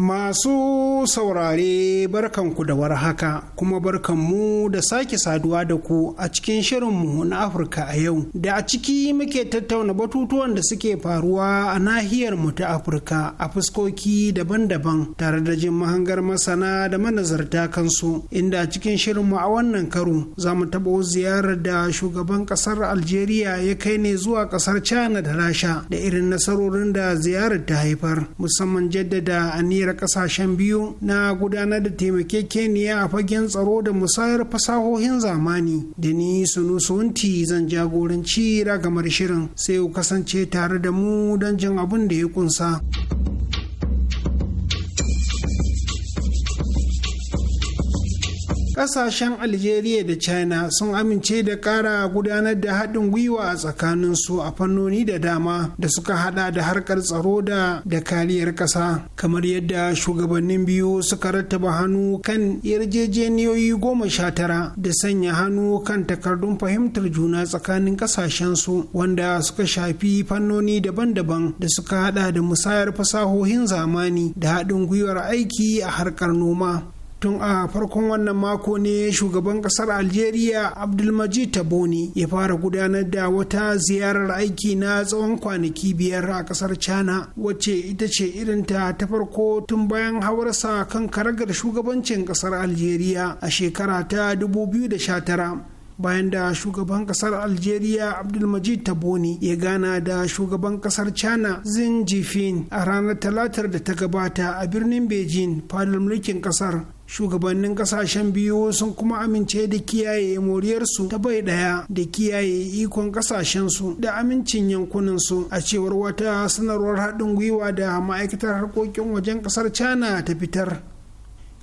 Masu saurare barkanku da warhaka kuma barkanmu da sake saduwa da ku a cikin shirinmu na Afirka a yau da a ciki muke tattauna batutuwan da suke faruwa a nahiyar mu ta Afirka a fuskoki daban-daban tare da jin mahangar masana da manazarta kansu inda a cikin shirinmu a wannan karo za mu taɓo ziyarar da shugaban ƙasar Algeria ya kai ne zuwa ƙasar China da Rasha da irin nasarorin da ziyarar ta haifar musamman jaddada aniyar da kasashen biyu na gudanar da taimakekeniya a fagen tsaro da musayar fasahohin zamani da ni sunu sunti zan jagoranci ragamar shirin sai ku kasance tare da mu don jin abin da ya kunsa. kasashen algeria da china sun amince da kara gudanar da haɗin gwiwa a tsakanin su a fannoni da dama da suka hada da harkar tsaro da da kariyar ƙasa kamar yadda shugabannin biyu suka rattaba hannu kan yarjejeniyoyi goma sha tara da sanya hannu kan takardun fahimtar juna tsakanin ƙasashensu wanda suka shafi fannoni daban-daban da suka hada da musayar fasahohin zamani da haɗin gwiwar aiki a harkar noma tun a farkon wannan mako ne shugaban kasar algeria abdulmajid taboni ya fara gudanar da wata ziyarar aiki na tsawon kwanaki biyar a kasar china wacce ita ce irinta ta farko tun bayan hawarsa kan karagar shugabancin kasar algeria a shekara ta 2019 bayan da shugaban kasar algeria abdulmajid taboni ya gana da shugaban kasar china zin jifin a ranar talatar da ta gabata a birnin beijing fadar mulkin kasar shugabannin kasashen biyu sun kuma amince da kiyaye moriyarsu ta bai daya da kiyaye ikon kasashensu da amincin yankuninsu a cewar wata sanarwar haɗin gwiwa da ma'aikatar harkokin wajen kasar china ta fitar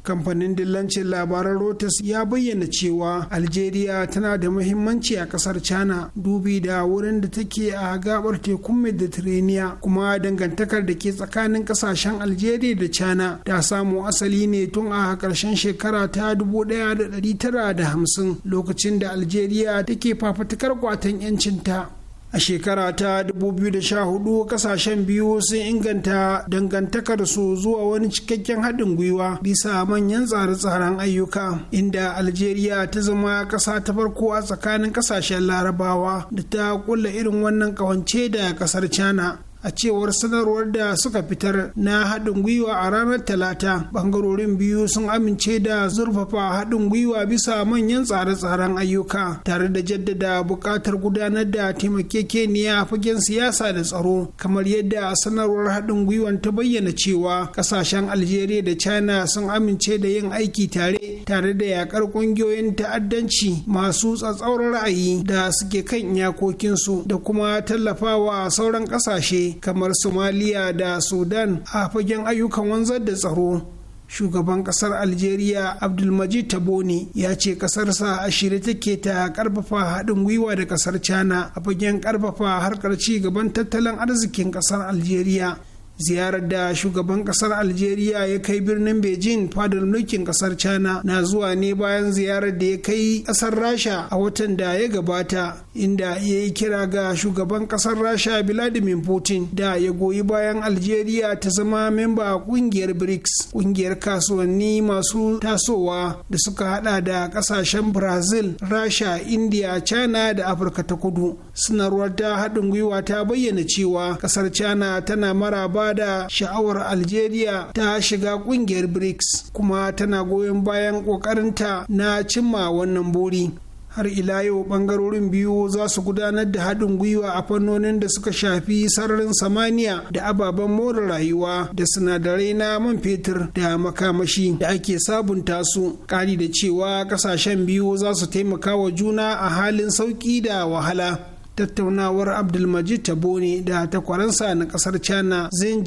kamfanin dillancin labaran Reuters ya bayyana cewa Algeria tana da muhimmanci a kasar China dubi da wurin da take a gabar tekun Mediterranean kuma dangantakar da ke tsakanin kasashen Algeria da China ta samu asali ne tun a ƙarshen shekara ta 1950 lokacin da Algeria take fafutukar kwatan 'yancinta A shekara ta 2014 kasashen biyu sun inganta dangantakarsu zuwa wani cikakken haɗin gwiwa bisa manyan tsare-tsaren ayyuka inda Algeria ta zama ƙasa ta farko a tsakanin ƙasashen larabawa da ta kulla irin wannan ƙawance da ƙasar China. a cewar sanarwar da suka fitar na haɗin gwiwa a ranar talata ɓangarorin biyu sun amince da zurfafa haɗin gwiwa bisa manyan tsare-tsaren ayyuka tare da jaddada buƙatar gudanar da taimakekeniya fagen siyasa da tsaro kamar yadda sanarwar haɗin gwiwan ta bayyana cewa ƙasashen algeria da china sun amince da yin aiki tare tare da yakar ƙungiyoyin ta'addanci masu tsatsauran ra'ayi da suke kan iyakokinsu da kuma tallafawa sauran ƙasashe kamar somaliya da sudan a fagen ayyukan wanzar da tsaro shugaban kasar algeria abdulmajid taboni ya ce kasarsa a shirye take ta karfafa haɗin gwiwa da kasar china a fagen karfafa harkar ci gaban tattalin arzikin kasar algeria ziyarar da shugaban kasar algeria ya kai birnin beijing fadar mulkin kasar china na zuwa ne bayan ziyarar da ya kai kasar rasha a watan da ya gabata inda ya yi kira ga shugaban kasar rasha vladimir putin da ya goyi bayan algeria ta zama memba kungiyar brics kungiyar kasuwanni masu tasowa da suka hada da kasashen brazil rasha india china da afirka ta kudu sanarwar ta haɗin gwiwa ta bayyana cewa kasar china tana maraba da sha'awar algeria ta shiga kungiyar brics kuma tana goyon bayan ƙoƙarinta na cimma wannan buri har ila yau bangarorin biyu za su gudanar da haɗin gwiwa a fannonin da suka shafi sararin samaniya da ababen more rayuwa da sinadarai na man fetur da makamashi da ake sabunta su ƙari da cewa ƙasashen biyu za su taimaka wa juna a halin sauƙi da wahala tattaunawar abdulmajid tabone da takwaransa na kasar china zin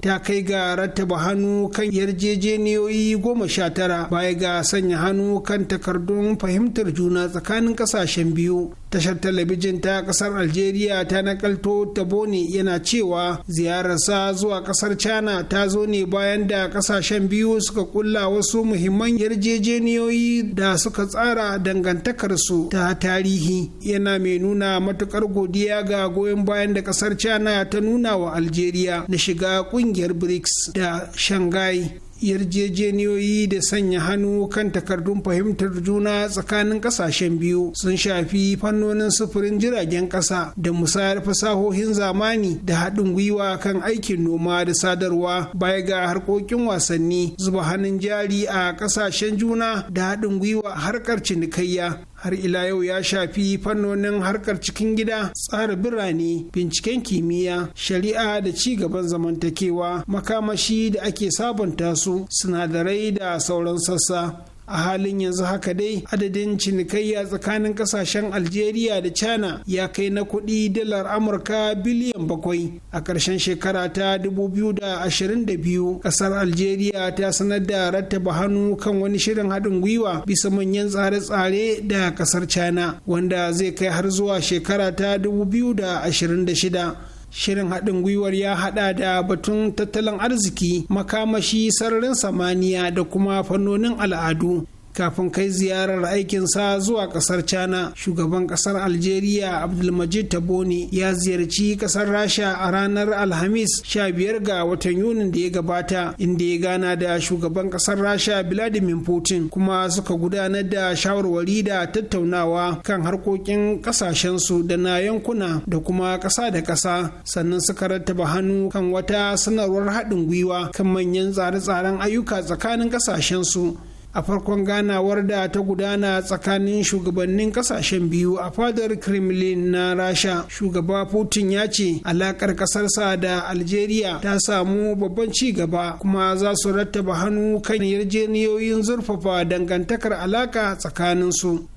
ta kai ga rattaba hannu kan yarjejeniyoyi goma sha tara baya ga sanya hannu kan takardun fahimtar juna tsakanin kasashen biyu tashar talabijin ta kasar algeria ta nakalto taboni yana cewa ziyararsa zuwa kasar china ta zo ne bayan da kasashen biyu suka kulla wasu muhimman yarjejeniyoyi da suka tsara dangantakarsu ta tarihi yana mai nuna matukar godiya ga goyon bayan da kasar china ta nuna wa algeria na shiga kungiyar brics da shanghai yarjejeniyoyi da sanya hannu kan takardun fahimtar juna tsakanin kasashen biyu sun shafi fannonin sufurin jiragen kasa da musayar fasahohin zamani da haɗin gwiwa kan aikin noma da sadarwa baya ga harkokin wasanni zuba hannun jari a kasashen juna da haɗin gwiwa harkar cinikayya har ila yau ya shafi fannonin harkar cikin gida tsara birane binciken kimiyya shari'a da ci gaban zamantakewa makamashi da ake sabunta su sinadarai da sauran sassa a halin yanzu haka dai adadin cinikayya tsakanin kasashen algeria da china ya kai na kuɗi dalar amurka biliyan bakwai a ƙarshen shekara ta 2022 ƙasar algeria ta sanar da rattaba hannu kan wani shirin haɗin gwiwa bisa manyan tsare-tsare da ƙasar china wanda zai kai har zuwa shekara ta 2026 shirin haɗin gwiwar ya haɗa da batun tattalin arziki makamashi sararin samaniya da kuma fannonin al'adu kafin kai ziyarar aikinsa zuwa kasar china shugaban kasar algeria abdulmajid taboni ya ziyarci kasar rasha a ranar alhamis 15 ga watan yunin da ya gabata inda ya gana da shugaban kasar rasha vladimir putin kuma suka gudanar da shawarwari da tattaunawa kan harkokin kasashensu da na yankuna da kuma kasa da kasa sannan suka rattaba hannu kan wata sanarwar haɗin gwiwa kan manyan tsare-tsaren ayyuka tsakanin kasashensu a farkon ganawar da ta gudana tsakanin shugabannin kasashen biyu a fadar kremlin na rasha shugaba putin ya ce alakar kasarsa da algeria ta samu babban ci gaba kuma za su rattaba hannu kan yarjejeniyoyin zurfafa dangantakar alaka su.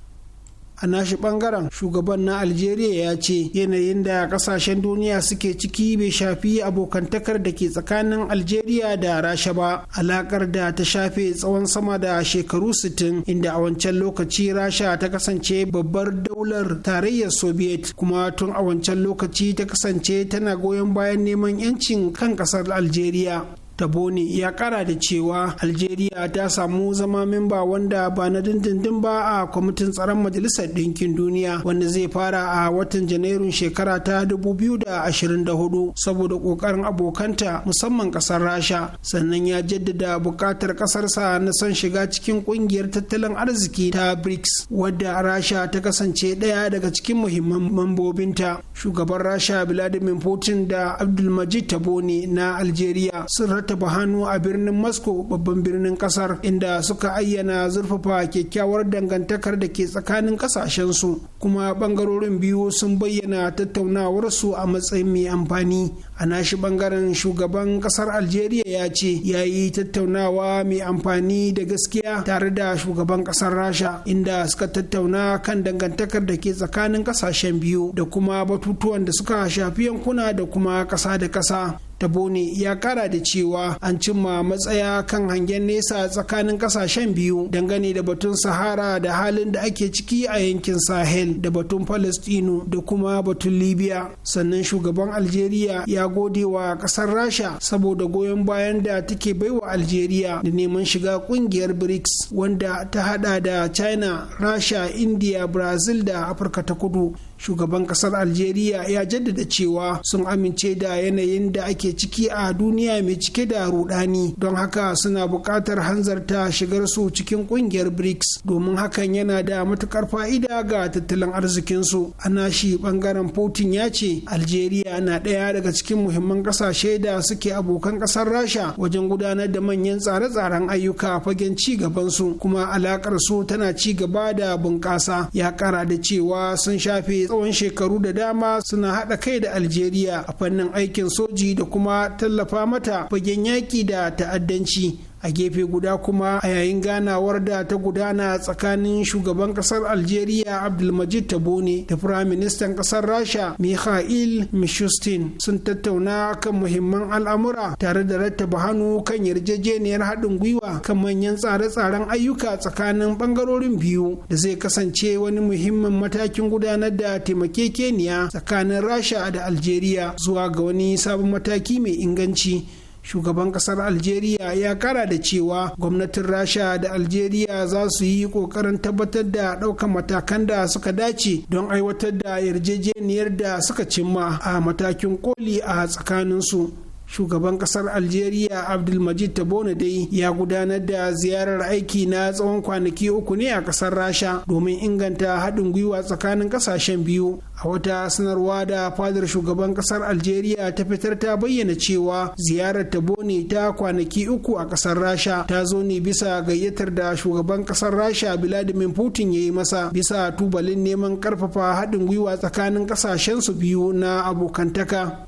a nashi bangaren shugaban na algeria ya ce yanayin da kasashen duniya suke ciki bai shafi abokantakar da ke tsakanin algeria da rasha ba alakar da ta shafe tsawon sama da shekaru 60 inda a wancan lokaci rasha ta kasance babbar daular tarayyar soviet kuma tun a wancan lokaci ta kasance tana goyon bayan neman 'yancin kan kasar algeria taboni ya kara da cewa algeria ta samu zama memba wanda ba na dindindin ba a kwamitin tsaron majalisar ɗinkin duniya wanda zai fara a watan janairun shekara ta 2024 saboda ƙoƙarin abokanta musamman ƙasar rasha sannan ya jaddada buƙatar ƙasarsa na son shiga cikin ƙungiyar tattalin arziki ta brics wadda rasha ta kasance ɗaya daga cikin muhimman mambobinta shugaban rasha vladimir putin da abdulmajid taboni na algeria sun rattaba hannu a birnin moscow babban birnin kasar inda suka ayyana zurfafa kyakkyawar dangantakar da ke tsakanin su kuma bangarorin biyu sun bayyana tattaunawar su a matsayin mai amfani a nashi bangaren shugaban kasar algeria ya ce ya yi tattaunawa mai amfani da gaskiya tare da shugaban kasar rasha inda suka tattauna kan dangantakar da ke tsakanin kasashen biyu da kuma batutuwan da suka shafi yankuna da kuma kasa da kasa tabone ya kara da cewa an cimma matsaya kan hangen nesa tsakanin kasashen biyu dangane da batun sahara da halin da ake ciki a yankin sahel da batun palestino da kuma batun libya sannan shugaban algeria ya gode wa kasar rasha saboda goyon bayan da take baiwa algeria da neman shiga kungiyar brics wanda ta hada da china rasha india brazil da afirka ta kudu shugaban kasar algeria ya jaddada cewa sun amince da yanayin da ake ciki a duniya mai cike da rudani don haka suna buƙatar hanzarta shigar su cikin ƙungiyar brics domin hakan yana da matukar fa'ida ga tattalin arzikinsu a nashi ɓangaren putin ya ce algeria na ɗaya daga cikin muhimman ƙasashe da suke abokan ƙasar rasha wajen gudanar da manyan tsare-tsaren ayyuka fagen ci gaban su kuma alaƙar su tana ci gaba da bunƙasa ya ƙara da cewa sun shafe tsawon shekaru da dama suna haɗa kai da algeria a fannin aikin soji da kuma tallafa mata fagen yaƙi da ta'addanci a gefe guda kuma a yayin ganawar da ta gudana tsakanin shugaban kasar algeria abdulmajid tabone da firaministan kasar rasha mikhail mishustin sun tattauna kan muhimman al'amura tare da rattaba hannu kan yarjejeniyar haɗin gwiwa kan manyan tsare-tsaren ayyuka tsakanin ɓangarorin biyu da zai kasance wani muhimmin matakin gudanar da taimakekeniya tsakanin rasha da algeria zuwa ga wani sabon mataki mai inganci shugaban kasar algeria ya kara da cewa gwamnatin rasha da algeria za su yi kokarin tabbatar da ɗaukan matakan da suka dace don aiwatar da yarjejeniyar da suka cimma a matakin koli a tsakaninsu shugaban kasar algeria abdulmajid tabone dai ya gudanar da ziyarar aiki na tsawon kwanaki uku ne a kasar rasha domin inganta haɗin gwiwa tsakanin ƙasashen biyu a wata sanarwa da fadar shugaban kasar algeria ta fitar ta bayyana cewa ziyarar tabone ta kwanaki uku a kasar rasha ta zo ne bisa gayyatar da shugaban kasar rasha vladimir putin ya yi masa bisa tubalin neman ƙarfafa haɗin gwiwa tsakanin ƙasashen su biyu na abokantaka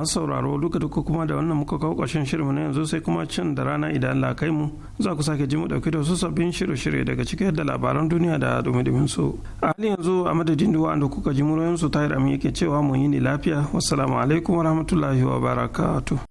masu sauraro duka duka kuma da wannan muka kawo ƙarshen shirinmu na yanzu sai kuma can da rana idan Allah kai mu za ku sake ji mu dauki da wasu sabbin shirye-shirye daga cikin da labaran duniya da dumi-dumin su. A halin yanzu a madadin duwa da kuka ji muryoyin su tayar amin yake cewa mun yi ni lafiya wassalamu alaikum wa barakatu.